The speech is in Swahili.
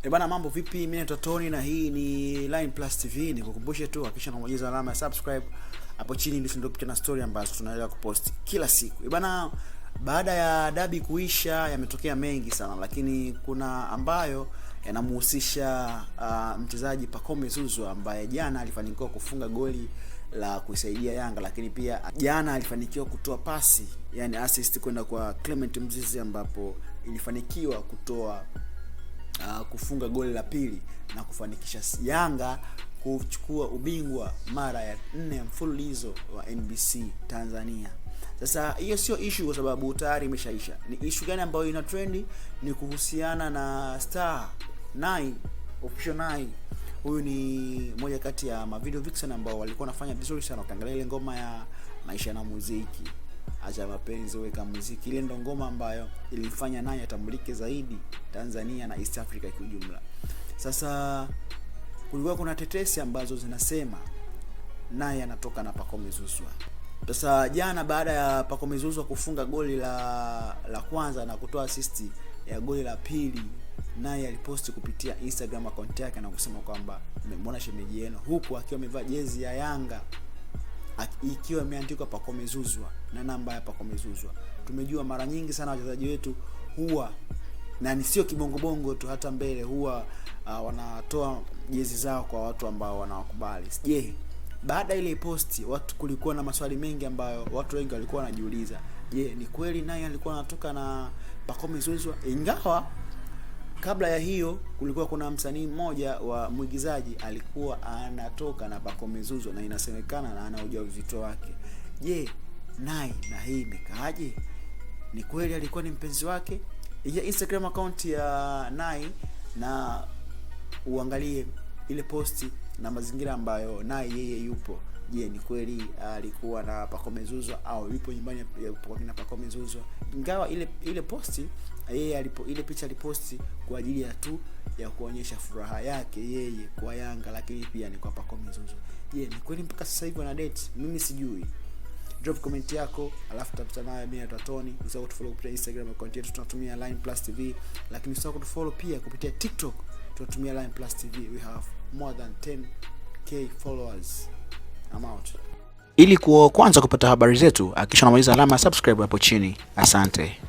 E bana, mambo vipi? Mimi naitwa Tony na hii ni Line Plus TV. Nikukumbushe tu hakikisha unabonyeza alama ya subscribe hapo chini, ndio ndio picha na story ambazo tunaendelea kupost kila siku. E bana, baada ya dabi kuisha yametokea mengi sana, lakini kuna ambayo yanamhusisha uh, ah, mchezaji Pacome Zouzoua ambaye jana alifanikiwa kufunga goli la kuisaidia Yanga, lakini pia jana alifanikiwa kutoa pasi, yani assist kwenda kwa Clement Mzizi, ambapo ilifanikiwa kutoa uh, kufunga goli la pili na kufanikisha Yanga kuchukua ubingwa mara ya nne mfululizo wa NBC Tanzania. Sasa hiyo sio issue kwa sababu tayari imeshaisha. Ni issue gani ambayo ina trendi? Ni kuhusiana na Star nai Official Huyu ni moja kati ya mavideo vixen ambao walikuwa wanafanya vizuri sana. Ukiangalia ile ngoma ya maisha na muziki acha mapenzi, weka muziki. Ile ndo ngoma ambayo ilifanya naye atambulike zaidi Tanzania na East Africa kwa ujumla. Sasa kulikuwa kuna tetesi ambazo zinasema naye anatoka na Pako Mezuzwa. Sasa jana baada ya Pako Mezuzwa kufunga goli la la kwanza na kutoa assist ya goli la pili, naye aliposti kupitia Instagram account yake na kusema kwamba mmemwona shemeji yenu, huku akiwa amevaa jezi ya Yanga ikiwa imeandikwa pakomezuzwa na namba ya pakomezuzwa. Tumejua mara nyingi sana wachezaji wetu huwa na ni sio kibongobongo tu, hata mbele huwa uh, wanatoa jezi zao kwa watu ambao wanawakubali. Je, baada ile posti watu kulikuwa na maswali mengi ambayo watu wengi walikuwa wanajiuliza. Je, ni kweli naye alikuwa anatoka na pakomezuzwa? ingawa Kabla ya hiyo kulikuwa kuna msanii mmoja wa mwigizaji alikuwa anatoka na Pako na inasemekana na anauja uzito wake. Je, Nai na hii imekaaje? Ni kweli alikuwa ni mpenzi wake? Ingia Instagram account ya Nai na uangalie ile posti na mazingira ambayo Nai yeye yupo. Je, ni kweli ah, alikuwa na Pacome Zouzoua au yupo nyumbani alipokuwa na Pacome Zouzoua? Ingawa ile ile posti ah, yeye alipo ile picha aliposti kwa ajili ya tu ya kuonyesha furaha yake yeye kwa Yanga, lakini pia ni kwa Pacome Zouzoua. Je, ni kweli mpaka sasa hivi ana date? Mimi sijui. Drop comment yako, alafu tutapita naye. mimi na Tony. Usisahau kutufollow kupitia Instagram account yetu tunatumia Line Plus TV, lakini usisahau kutufollow pia kupitia TikTok tunatumia Line Plus TV. We have more than 10k followers amount. Ili kuwa kwanza kupata habari zetu, akisha unabonyeza alama ya subscribe hapo chini. Asante.